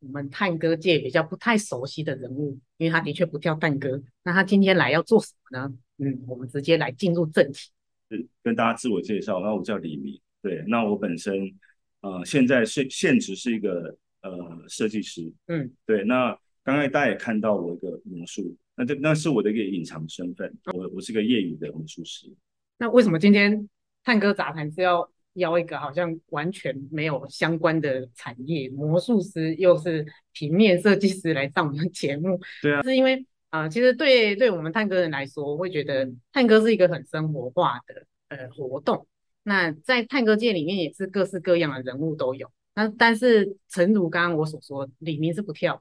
我們探戈界比較不太熟悉的人物，因為他的確不跳探戈。那他今天來要做什麼呢？嗯，我們直接來進入正題，跟大家自我介紹。那我叫李明，對，那我本身呃現在是現職是一個呃設計師，嗯，對。那剛才大家也看到我一個魔術，那這那是我的一個隱藏身份，嗯，我我是個業餘的魔術師。那為什麼今天探戈雜談是要？邀一個好像完全沒有相關的產業，魔術師又是平面設計師來上我們節目，對啊，是因為啊、呃，其實，對對我們探戈人來說，會覺得探戈是一個很生活化的呃活動。那在探戈界裡面也是各式各樣的人物都有，那但是誠如剛剛我所說，李明是不跳，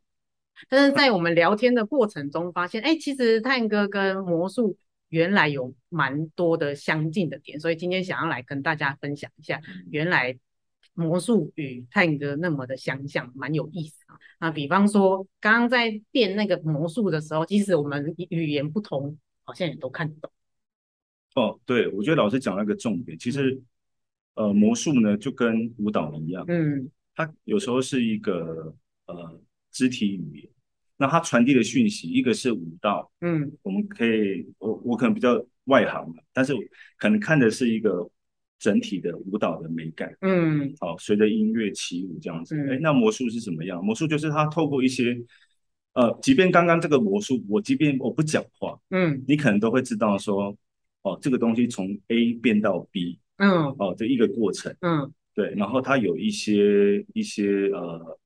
但是在我們聊天的過程中發現，哎、嗯欸，其實探戈跟魔術。原來有蠻多的相近的點，所以今天想要來跟大家分享一下，原來魔術與探戈那麼的相像，蠻有意思啊！啊，比方說剛剛在變那個魔術的時候，即使我們語言不同，好像也都看得懂。哦，對，我覺得老師講了一個重點，其實呃，魔術呢，就跟舞蹈一樣，嗯，它有時候是一個呃肢體語言。那它傳遞的訊息，一個是舞蹈，嗯，我們可以，我我可能比較外行，但是可能看的是一個整體的舞蹈的美感，嗯，好、哦，隨着音樂起舞這樣子，哎、嗯欸，那魔術是什麼樣？魔術就是它透過一些，呃，即便剛剛這個魔術，我即便我不講話，嗯，你可能都會知道說，哦，這個東西從 A 變到 B，嗯，哦，這一個過程，嗯，對，然後它有一些一些呃。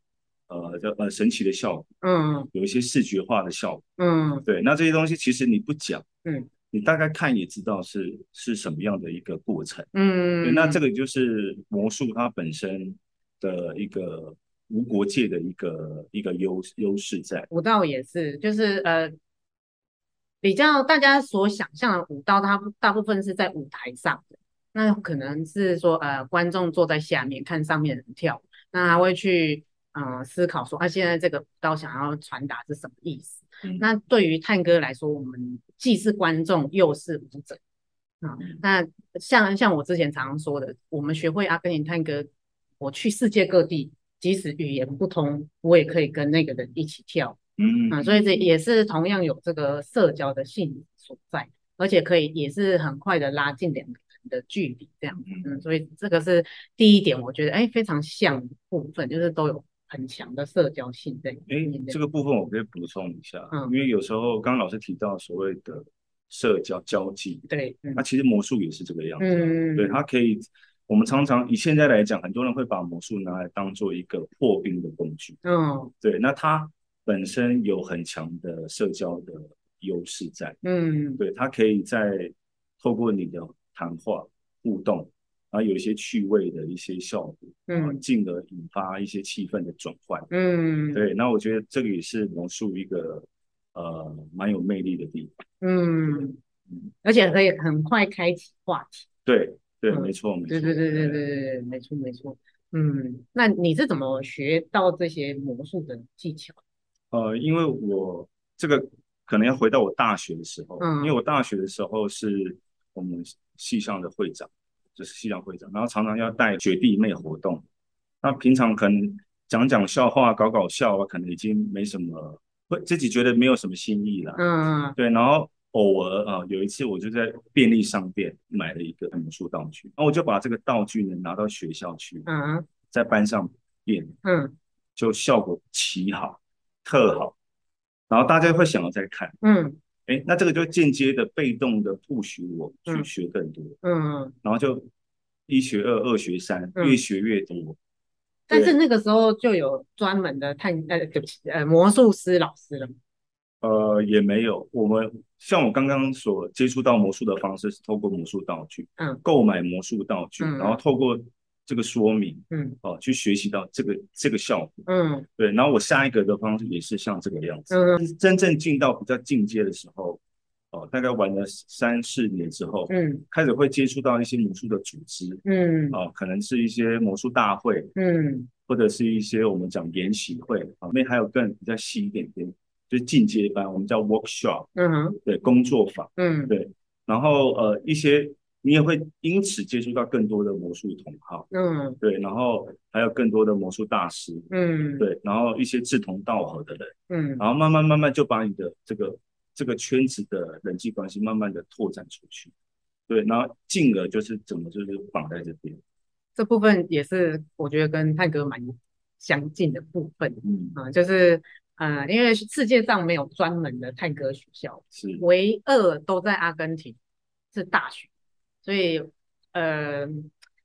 呃，叫呃神奇的效果，嗯，有一些視覺化的效果，嗯，對，那這些東西其實你不講，嗯，你大概看也知道是是什麼樣的一個過程，嗯，那這個就是魔術它本身的一個無國界的一個一個優優勢在。舞蹈也是，就是呃，比較大家所想象的舞蹈，它大部分是在舞台上的，那可能是說呃觀眾坐在下面看上面人跳，那他會去。啊、呃，思考說他、啊、現在這個舞蹈想要傳達是什麼意思？嗯、那對於探戈來說，我們既是觀眾又是舞者啊。那、嗯嗯、像像我之前常常說的，我們學會阿根廷探戈，我去世界各地，即使語言不通，我也可以跟那個人一起跳。嗯，嗯，嗯，所以這也是同樣有這個社交的性質所在，而且可以也是很快的拉近兩個人的距離這樣嗯，所以這個是第一點，我覺得哎，非常像的部分就是都有。很強的社交性，對。哎，這個部分我可以補充一下，嗯、因為有時候剛剛老師提到所謂的社交交際，對，那、嗯啊、其實魔術也是這個樣子。嗯、對，它可以，我們常常、嗯、以現在來講，很多人會把魔術拿來當做一個破冰的工具。嗯，對，那它本身有很強的社交的優勢在。嗯，對，它可以再透過你的談話互動，然後有一些趣味的一些效果。嗯，進而引發一些氣氛的轉換。嗯，對，那我覺得這個也是魔術一個呃蠻有魅力的地方。嗯，嗯而且可以很快開啟話題。對對，沒錯沒錯。對對對對對，沒錯沒錯。嗯，嗯那你是怎麼學到這些魔術的技巧？呃，因為我這個可能要回到我大學的時候，嗯，因為我大學的時候是我們系上的會長。就是系學會會長，然後常常要帶學弟妹活動。那平常可能講講笑話、搞搞笑啊，可能已經沒什麼，會自己覺得沒有什麼新意了。嗯，嗯，對。然後偶爾啊，有一次我就在便利商店買了一個魔術道具，然後我就把這個道具呢拿到學校去，嗯嗯，在班上變，嗯，就效果奇好，特好。然後大家會想要再看，嗯。哎，那這個就間接的、被動的，促使我去學更多，嗯嗯，然後就一學二，嗯、二學三，嗯、越學越多。但是那個時候就有專門的探呃，對呃魔術師老師了嗎？呃，也沒有。我們像我剛剛所接觸到魔術的方式是透過魔術道具，嗯，購買魔術道具，嗯、然後透過。這個說明，嗯，哦、啊，去學習到這個這個效果，嗯，對。然後我下一個的方式也是像這個樣子。嗯、真正進到比較進階的時候，哦、啊，大概玩了三四年之後，嗯，開始會接觸到一些魔術的組織，嗯，哦，可能是一些魔術大會，嗯，或者是一些我們講研習會，啊、後面還有更比較細一點點就進階班，我們叫 workshop，嗯對，工作坊，嗯，對。然後呃，一些。你也會因此接觸到更多的魔術同好，嗯，對，然後還有更多的魔術大師，嗯，對，然後一些志同道合的人，嗯，然後慢慢慢慢就把你的這個這個圈子的人際關係慢慢的拓展出去，對，然後進而就是怎麼就是綁在這邊，這部分也是我覺得跟探戈蠻相近的部分，嗯，啊、呃，就是呃，因為世界上沒有專門的探戈學校，是唯二都在阿根廷是大學。所以，呃，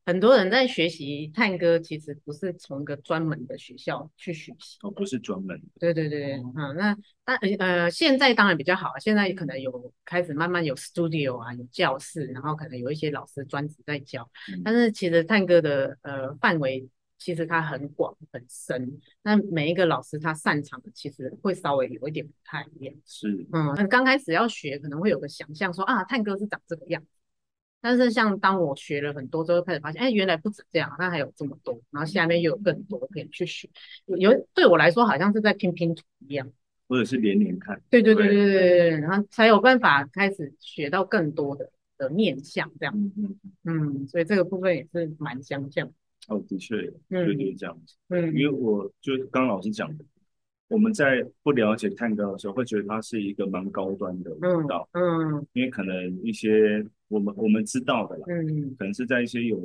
很多人在學習探戈，其實不是從一個專門的學校去學習，哦，不是專門。對對對對，嗯，嗯，那但呃，現在當然比較好啊，現在可能有開始慢慢有 studio 啊，有教室，然後可能有一些老師專職在教。嗯，但是其實探戈的呃範圍其實它很廣很深，那每一個老師他擅長的其實會稍微有一點不太一樣。是，嗯，剛開始要學可能會有個想象說啊，探戈是長這個樣子。但是，像當我學了很多之後，開始發現，哎、欸，原來不止這樣，那還有這麼多，然後下面又有更多可以去學。有對我來說，好像是在拼拼圖一樣，或者是連連看。對對對對對對，然後才有辦法開始學到更多的的面向這樣。嗯嗯，所以這個部分也是蠻相像這樣。哦，的確，對對、對，這樣。嗯，因為我就剛老師講的，嗯、我們在不了解探戈的時候，會覺得它是一個蠻高端的舞蹈，嗯，嗯，因為可能一些。我們我們知道的啦，嗯，可能是在一些有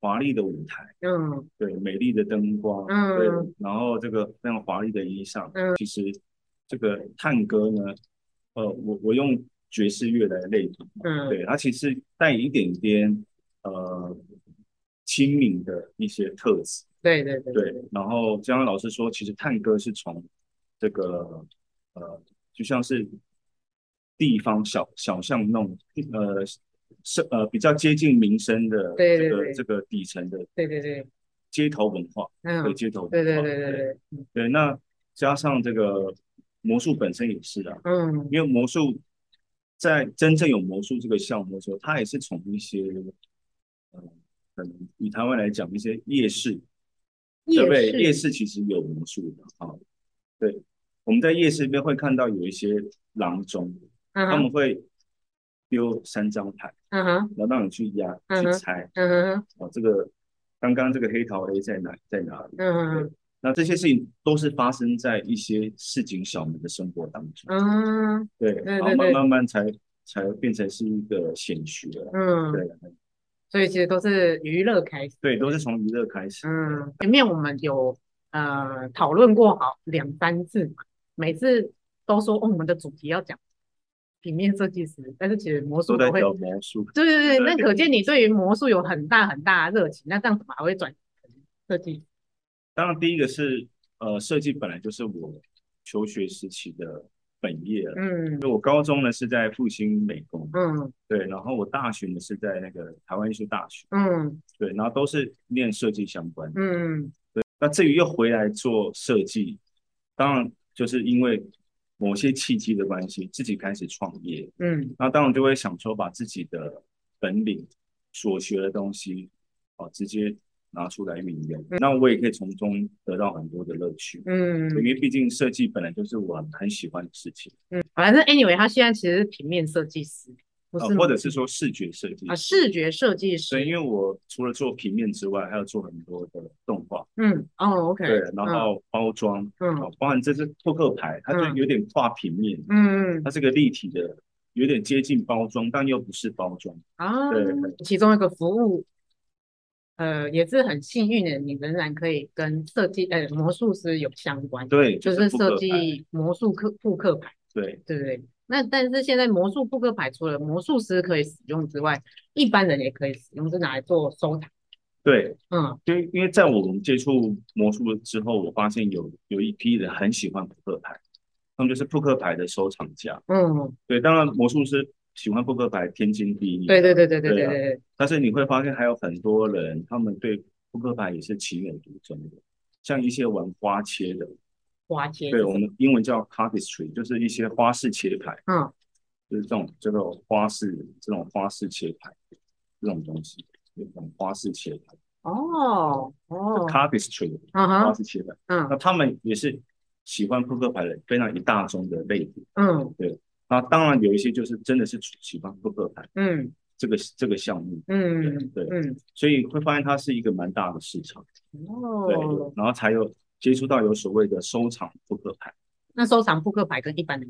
華麗的舞台，嗯，對，美麗的燈光，嗯，對，然後這個非常華麗的衣裳，嗯，其實這個探戈呢，呃，我我用爵士樂來類比，嗯，對，它其實帶一點點呃親民的一些特質，嗯、對對對，對，對，然後江老師說，其實探戈是從這個呃，就像是。地方小小巷弄，呃，是呃比較接近民生的這個對對對這個底層的，對對對，對，街頭文化，對街頭文化，對對對對，對，對，對，對，對，那加上這個魔術本身也是的啊，嗯，因為魔術在真正有魔術這個項目的時候，它也是從一些呃，可能以台灣來講，一些夜市，夜市對不對？夜市其實有魔術的啊，對，我們在夜市這邊會看到有一些郎中。他們會丟三張牌，嗯哼，然後讓你去壓、去猜，嗯哼，哦，這個剛剛這個黑桃 A 在哪裡，在哪裡？嗯嗯，那這些事情都是發生在一些市井小民的生活當中，嗯，對，然後慢慢慢才才變成是一個顯學，嗯，對，所以其實都是娛樂開始，對，都是從娛樂開始，嗯，前面我們有呃討論過好兩三次嘛，每次都說哦，我們的主題要講。平面設計師，但是其實魔術也會都魔術，就是、對對對，那可見你對於魔術有很大很大的熱情。對對對，那這樣怎麼還會轉成設計。當然，第一個是呃，設計本來就是我求學時期的本業，嗯，我高中呢是在復興美工，嗯，對，然後我大學呢是在那個台灣藝術大學，嗯，對，然後都是念設計相關的，嗯，對。那至於又回來做設計，當然就是因為。某些契機的關係，自己開始創業，嗯，那當然就會想說，把自己的本領、所學的東西，哦，直接拿出來運用，嗯、那我也可以從中得到很多的樂趣，嗯，因為畢竟設計本來就是我很喜歡的事情，嗯，反正 anyway，他現在其實是平面設計師。啊、或者是說視覺設計啊，視覺設計師。對，因為我除了做平面之外，還要做很多的動畫。嗯，哦、oh，OK。然後包裝，嗯，包，嗯包含這是撲克牌，它就有點跨平面。嗯，它是個立體的，有點接近包裝，但又不是包裝啊。對。啊嗯、其中一個服務，呃，也是很幸運的，你仍然可以跟設計，呃、哎，魔術師有相關。對，就是、就是設計魔術課撲克牌。對對，對。那但是現在魔術撲克牌除了魔術師可以使用之外，一般人也可以使用，是拿來做收藏。對，嗯，因為因為在我們接觸魔術之後，我發現有有一批人很喜歡撲克牌，他們就是撲克牌的收藏家。嗯，對，當然魔術師喜歡撲克牌天經地義。對對對對對對啊。但是你會發現還有很多人，他們對撲克牌也是情有獨鍾的，像一些玩花切的。花切對我們英文叫 cardistry 就是一些花式切牌，嗯，就是這種叫做花式這種花式切牌這種東西，這種花式切牌哦哦 cardistry 花式切牌，嗯，那他們也是喜歡撲克牌的非常一大宗的類別，嗯，對，那當然有一些就是真的是喜歡撲克牌，嗯，這個這個項目，嗯，對，嗯，所以會發現它是一個蠻大的市場，哦，對，然後才有。接觸到有所謂的收藏撲克牌，那收藏撲克牌跟一般的，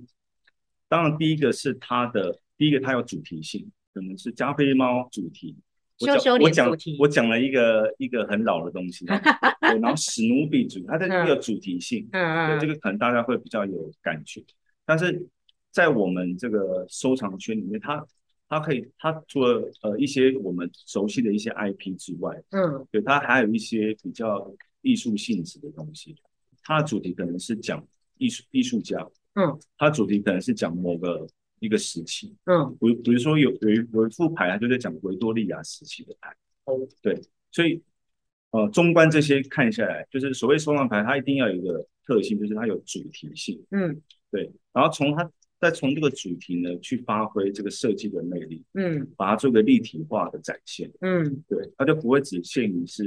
當然第一個是它的第一個，它有主題性，可能是加菲貓主題，修修主題我講我講我講了一個一個很老的東西， 然後史努比主題， 它的那個主題性，嗯嗯，這個可能大家會比較有感覺，嗯，但是在我們這個收藏圈裡面，它它可以，它除了呃一些我們熟悉的一些 IP 之外，嗯，對，它還有一些比較。藝術性質的東西，它的主題可能是講藝術藝術家，嗯，它主題可能是講某個一個時期，嗯，比比如說有有一有一副牌，它就在講維多利亞時期的牌，哦、嗯，對，所以呃，綜觀這些看下來，就是所謂收藏牌，它一定要有一個特性，就是它有主題性，嗯，對，然後從它再從這個主題呢去發揮這個設計的魅力，嗯，把它做個立體化的展現，嗯，對，它就不會只限於是。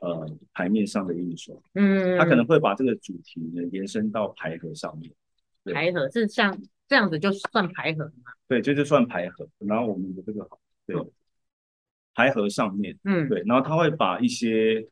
呃，牌面上的印刷，嗯，他可能會把這個主題呢延伸到牌盒上面，牌盒是像這樣子就算牌盒，對，這就算牌盒。然後我們的這個對，嗯，牌盒上面，嗯，對，然後他會把一些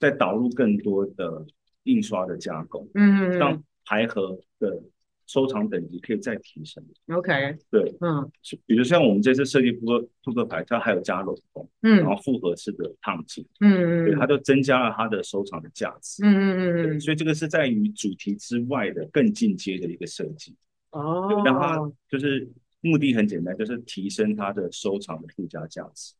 再導入更多的印刷的加工，嗯，讓牌盒的。收藏等級可以再提升。OK，對，嗯，比如像我們這次設計撲克撲克牌，它還有加鏤空，嗯，然後複合式的燙金，嗯，對，它都增加了它的收藏的價值，嗯嗯嗯，所以這個是在於主題之外的更進階的一個設計，哦，讓它就是目的很簡單，就是提升它的收藏的附加價值。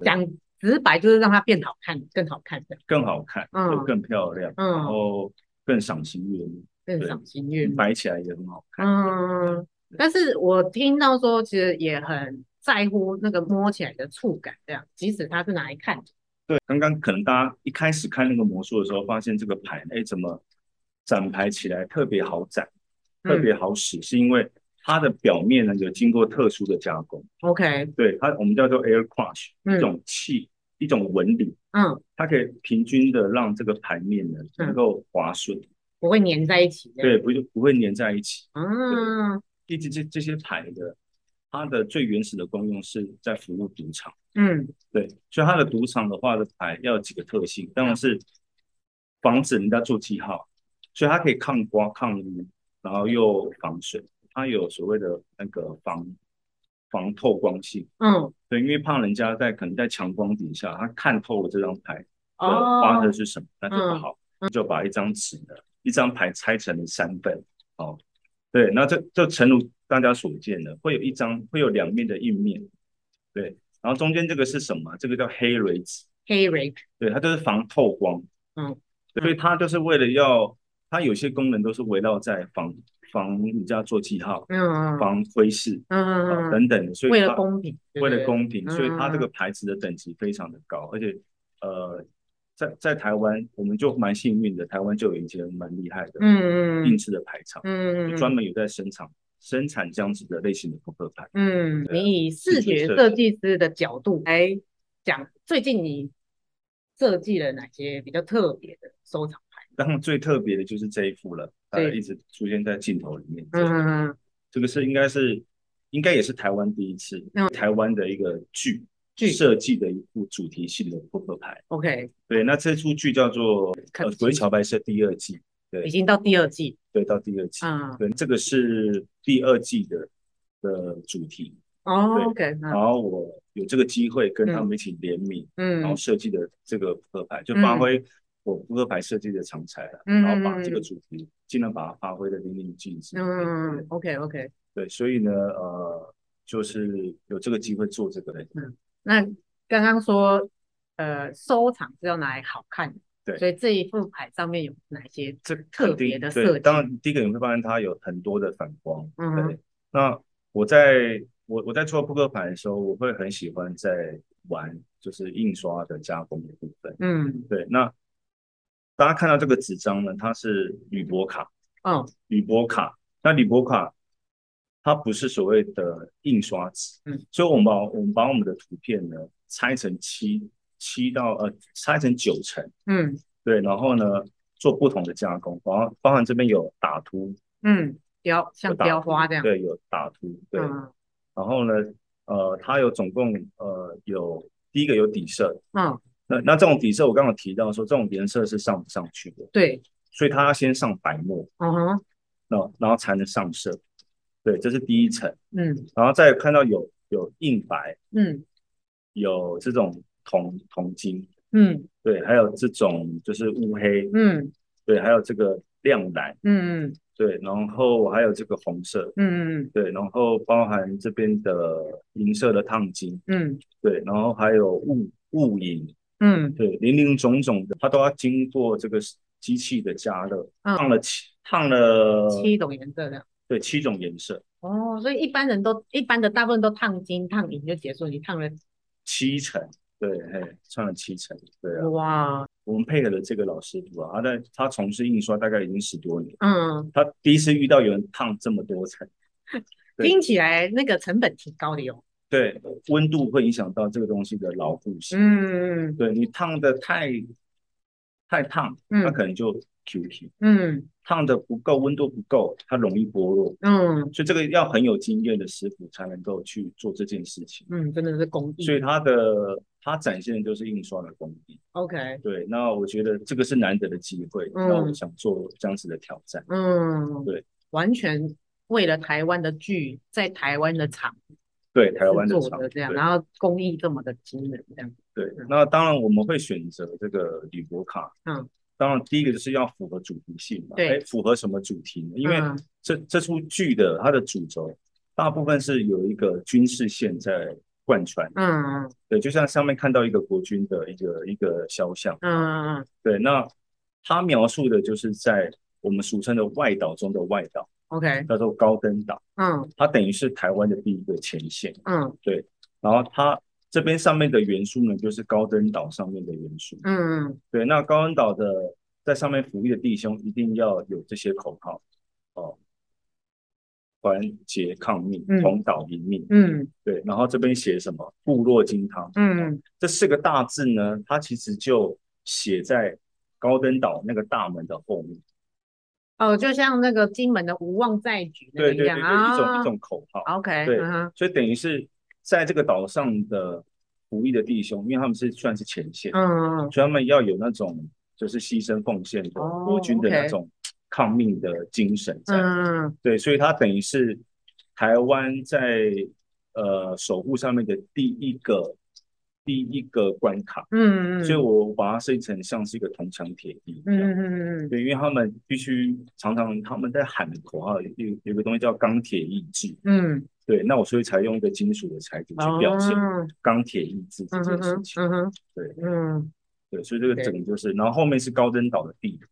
講直白就是讓它變好看，更好看，更好看，就更漂亮，然後更賞心悅目，更賞對心悅目，擺起來也很好看。嗯，對但是我聽到說，其實也很在乎那個摸起來的觸感，這樣，啊、即使它是拿來看的。對，剛剛可能大家一開始看那個魔術的時候，發現這個牌，哎、欸，怎麼展牌起來特別好展，嗯，特別好使，是因為它的表面呢有經過特殊的加工。嗯，OK，對它我們叫做 Air Crush，嗯，一種氣一種紋理，嗯，它可以平均的讓這個牌面呢能夠滑順。嗯不會粘在一起，對，對不不會粘在一起。嗯，畢竟這這些牌的，它的最原始的功用是在服務賭場。嗯，對，所以它的賭場的話的牌要有幾個特性，當然是防止人家做記號，嗯、所以它可以抗刮抗污，然後又防水，嗯、它有所謂的那個防防透光性。嗯，對，因為怕人家在可能在強光底下，他看透了這張牌的花的是什麼，那就不好，嗯、就把一張紙的。一張牌拆成了三份，哦，對，那這就誠如大家所見的，會有一張會有兩面的印面，對，然後中間這個是什麼？這個叫黑蕊紙，黑蕊，對，它就是防透光，嗯，對，所以它就是為了要，它有些功能都是圍繞在防防人家做記號，嗯，防窺視，嗯嗯嗯，啊、嗯等等的，所以為了公平，為了公平，所以它這個牌子的等級非常的高，嗯、而且，呃。在在台灣，我們就蠻幸運的，台灣就有一間蠻厲害的，嗯嗯，定制的牌廠，嗯嗯，專、嗯、門有在生產生產這樣子的類型的撲克牌。嗯，對你以視覺設計師的角度來講，欸、最近你設計了哪些比較特別的收藏牌？當然後最特別的就是這一副了，它對、呃、一直出現在鏡頭裡面。嗯,對嗯這個是應該是應該也是台灣第一次，嗯、台灣的一個劇。設計的一部主題性的撲克牌。OK，對，那這出劇叫做《國際聊牌社》第二季，對，已經到第二季，對，到第二季，可能這個是第二季的的主題。哦，OK，然後我有這個機會跟他們一起聯名，嗯，然後設計的這個撲克牌就發揮我撲克牌設計的長才，嗯，然後把這個主題儘量把它發揮得淋漓盡致。嗯 OK OK，對，所以呢，呃，就是有這個機會做這個嘞，那剛剛說，呃，收藏，是要拿來好看的，對。所以這一副牌上面有哪些這特別的設計？當然第一個你會發現它有很多的反光，嗯哼。對。那我在我我在做撲克牌的時候，我會很喜歡在玩，就是印刷的加工的部分，嗯，對。那大家看到這個紙張呢，它是鋁箔卡，嗯、哦，鋁箔卡。那鋁箔卡。它不是所謂的印刷紙，嗯，所以我們把我們把我們的圖片呢拆成七七到呃拆成九層，嗯，對，然後呢做不同的加工，然後包含這邊有打凸，嗯，雕像雕花這樣，對，有打凸，對，嗯、然後呢，呃，它有總共呃有第一個有底色，嗯，那那這種底色我剛剛提到說這種顏色是上不上去的，對，所以它要先上白墨，嗯哼，那然，然後才能上色。對，這是第一層，嗯，然後再看到有有硬白，嗯，有這種銅銅金，嗯，對，還有這種就是霧黑，嗯，對，還有這個亮藍，嗯對，然後還有這個紅色，嗯嗯嗯，對，然後包含這邊的銀色的燙金，嗯，對，然後還有霧霧銀，嗯，對，林林總總的，它都要經過這個機器的加熱，燙了七燙了七種顏色的。對，七種顏色哦，所以一般人都一般的大部分都燙金、燙銀就結束，你燙了七層，對，嘿，燙了七層，對啊，哇，我們配合了這個老師傅、啊，他在他從事印刷大概已經十多年，嗯，他第一次遇到有人燙這麼多層，嗯、對聽起來那個成本挺高的喲、哦，對，溫度會影響到這個東西的牢固性，嗯，對你燙得太太燙，那它、嗯、可能就 Q Q、嗯。嗯。燙的不夠，溫度不夠，它容易剝落。嗯，所以這個要很有經驗的師傅才能夠去做這件事情。嗯，真的是工藝。所以它的它展現的就是印刷的工藝。OK，對。那我覺得這個是難得的機會，那我想做這樣子的挑戰。嗯，對。完全為了台灣的劇，在台灣的廠，對，台灣的廠，做的這樣，然後工藝這麼的精美。這樣。對，那當然我們會選擇這個鋁箔卡。嗯。當然，第一個就是要符合主題性嘛。對、欸。符合什麼主題呢？因為這、嗯、這出劇的它的主軸，大部分是有一個軍事線在貫穿。嗯嗯。對，就像上面看到一個國軍的一個一個肖像。嗯嗯嗯。對，那他描述的就是在我們俗稱的外島中的外島。OK。叫做高登島。嗯。它等於是台灣的第一個前線。嗯。對。然後他。這邊上面的元素呢，就是高登島上面的元素。嗯，對。那高登島的在上面服役的弟兄，一定要有這些口號哦：團結抗命，同島一命。嗯，對。然後這邊寫什麼？固若金湯。嗯，這四個大字呢，它其實就寫在高登島那個大門的後面。哦，就像那個金門的“勿忘在莒”那個一樣，一種一種口號。OK，對，uh huh、所以等於是。在這個島上的服役的弟兄，因為他們是算是前線，uh huh. 所以他們要有那種就是犧牲奉獻的、oh, okay. 國軍的那種抗命的精神，嗯、uh，huh. 對，所以他等於是台灣在呃守護上面的第一個第一個關卡，嗯、uh huh. 所以我把它設計成像是一個銅牆鐵壁，一樣，嗯、uh huh. 對，因為他們必須常常他們在喊的口號有個有個東西叫鋼鐵意志，嗯。Uh huh. 對，那我所以才用一個金屬的材質去表現鋼鐵意志這件事情。哦、嗯哼嗯，哼對嗯，對，嗯對，所以這個整個就是，okay. 然後後面是高登島的地圖。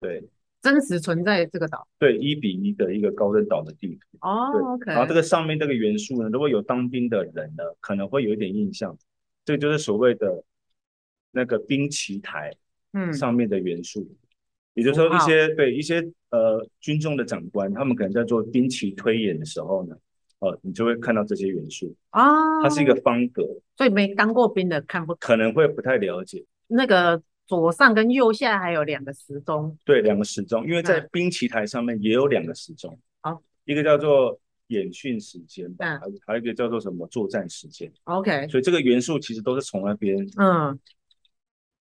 對，真實存在這個島。對，一比一的一個高登島的地圖。哦，可對 okay. 然後這個上面這個元素呢，如果有當兵的人呢，可能會有一點印象。這個、就是所謂的那個兵棋台，嗯，上面的元素，嗯、也就是說一些好對一些呃軍中的長官，他們可能在做兵棋推演的時候呢。哦，你就會看到這些元素啊，哦、它是一個方格，所以沒當過兵的看不，可能會不太了解。那個左上跟右下還有兩個時鐘，對，兩個時鐘，因為在兵棋台上面也有兩個時鐘，好、嗯，一個叫做演訓時間，對、嗯，還還有一個叫做什麼作戰時間，OK。嗯、所以這個元素其實都是從那邊嗯，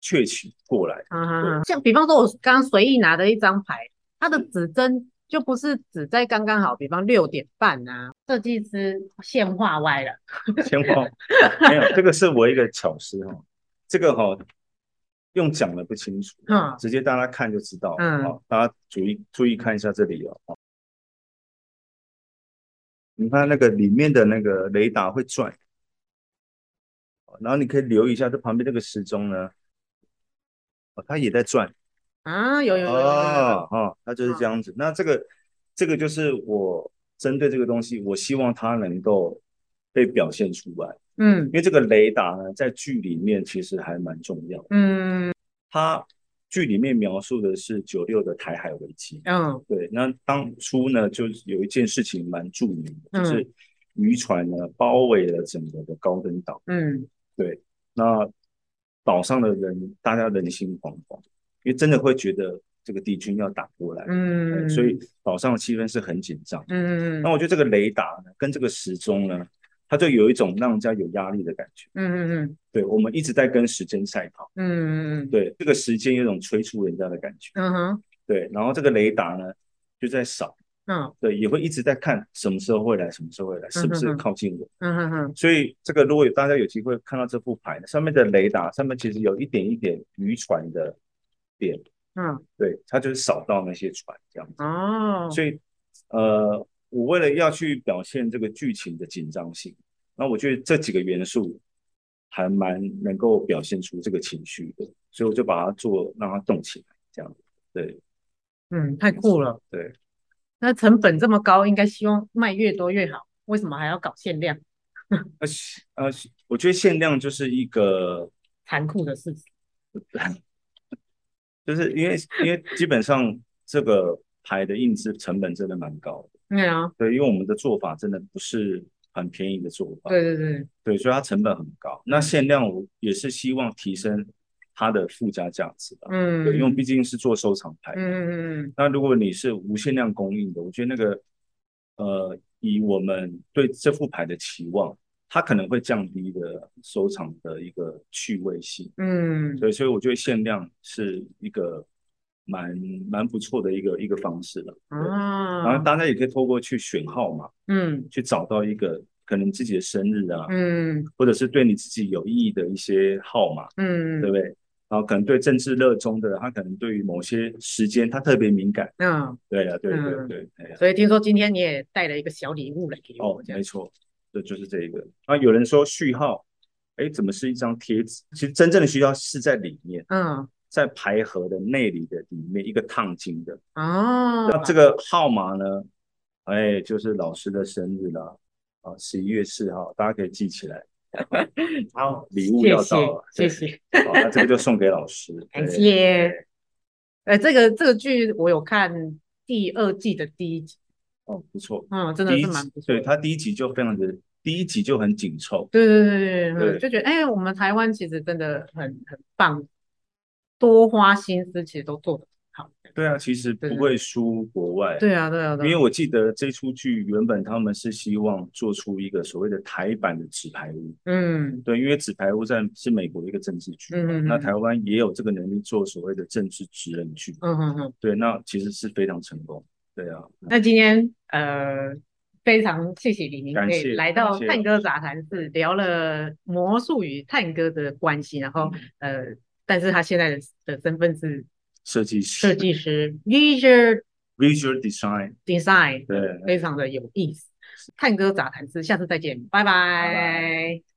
竊取過來，嗯對像比方說我剛剛隨意拿的一張牌，它的指針。就不是只在剛剛好，比方六點半啊，設計師線畫歪了化，線畫 沒有這個是我一個巧思哈、哦，這個哈、哦、用講的不清楚，嗯、直接大家看就知道了，嗯哦、大家注意注意看一下這裡哦，你看那個裡面的那個雷達會轉，然後你可以留意一下這旁邊那個時鐘呢，哦、它也在轉。啊，有有有啊！那就是這樣子。那這個這個就是我針對這個東西，我希望它能夠被表現出來。嗯，因為這個雷達呢，在劇裡面其實還蠻重要的。嗯，它劇裡面描述的是九六的台海危機。嗯，對。那當初呢，就有一件事情蠻著名的，就是漁船呢，包圍了整個的高登島。嗯，對。那島上的人，大家人心惶惶。因為真的會覺得這個敵軍要打過來，嗯、呃，所以島上的氣氛是很緊張，嗯，那我覺得這個雷達呢，跟這個時鐘呢，它就有一種讓人家有壓力的感覺，嗯嗯嗯，嗯嗯，對，我們一直在跟時間賽跑，嗯嗯嗯，嗯，對，這個時間有一種催促人家的感覺，嗯哼，對，然後這個雷達呢就在掃，嗯，對，嗯，對，也會一直在看什麼時候會來，什麼時候會來，是不是靠近我，嗯哼哼，嗯嗯嗯嗯、所以這個如果大家有機會看到這副牌上面的雷達，上面其實有一點一點漁船的。點，變，嗯，對，他就是掃到那些船這樣子哦，所以，呃，我為了要去表現這個劇情的緊張性，那我覺得這幾個元素還蠻能夠表現出這個情緒的，所以我就把它做，讓它動起來這樣子。對，嗯，太酷了。對，那成本這麼高，應該希望賣越多越好，為什麼還要搞限量？ 呃，呃，我覺得限量就是一個殘酷的事情。 就是因為因為基本上這個牌的印製成本真的蠻高的，對啊。對，因為我們的做法真的不是很便宜的做法，對對對，對，所以它成本很高。那限量我也是希望提升它的附加價值的，嗯，因為畢竟是做收藏牌，嗯嗯嗯。那如果你是無限量供應的，我覺得那個呃，以我們對這副牌的期望。它可能會降低的收藏的一個趣味性，嗯，所以所以我覺得限量是一個蠻蠻不錯的一個一個方式了，嗯、哦、然後大家也可以透過去選號碼，嗯，去找到一個可能自己的生日啊，嗯，或者是對你自己有意義的一些號碼，嗯，對不對？然後可能對政治熱衷的，他可能對於某些時間他特別敏感，哦、嗯，對啊，對對對，對，對、啊嗯，所以聽說今天你也帶了一個小禮物來給我，哦，沒錯。這就，就是這一個啊，有人說序號，哎、欸，怎麼是一張貼紙？其實真正的序號是在裡面，嗯，在牌盒的內裡的裡面，一個燙金的哦。那、啊、這個號碼呢？哎、欸，就是老師的生日了，啊，十一月四號，大家可以記起來。好、 啊，禮物要到了，謝謝。對謝謝好，啊、這個就送給老師，感謝。哎，這個這個劇我有看第二季的第一集。哦，不錯錯，嗯，真的是蠻不錯，對，他第一集就非常的，第一集就很緊湊，對對對對，對就覺得哎、欸，我們台灣其實真的很很棒，多花心思其實都做得很好。對啊，對其實不會輸國外。對啊，對啊，因為我記得這出劇原本他們是希望做出一個所謂的台版的紙牌屋，嗯，對，因為紙牌屋在是美國一個政治劇，嗯、哼哼那台灣也有這個能力做所謂的政治職人劇，嗯嗯嗯，對，那其實是非常成功。對啊，那今天呃非常謝謝李明，可以來到探戈雜談室聊了魔術與探戈的關係，然後呃，但是他現在的的身份是設計師，設計師，師，visual，visual design，design，對，非常的有意思。探戈雜談室，下次再見，拜拜。拜拜